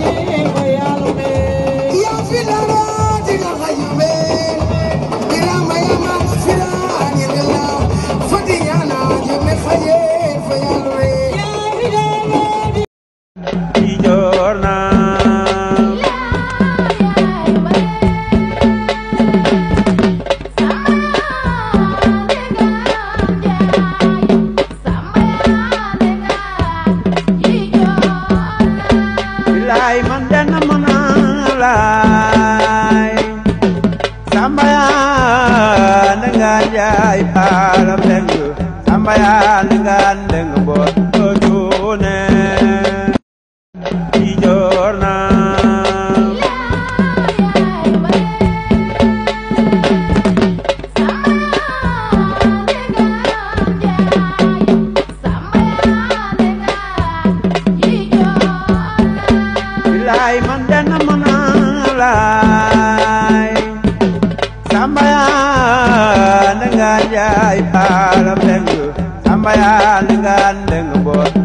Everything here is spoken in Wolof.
yeah, ma man denn mën a laay samba yaa nga jaay paala mbeng samba yaa nga ndeng sambayaan nga jaay paala mbeng sambayaan nga ndeng boot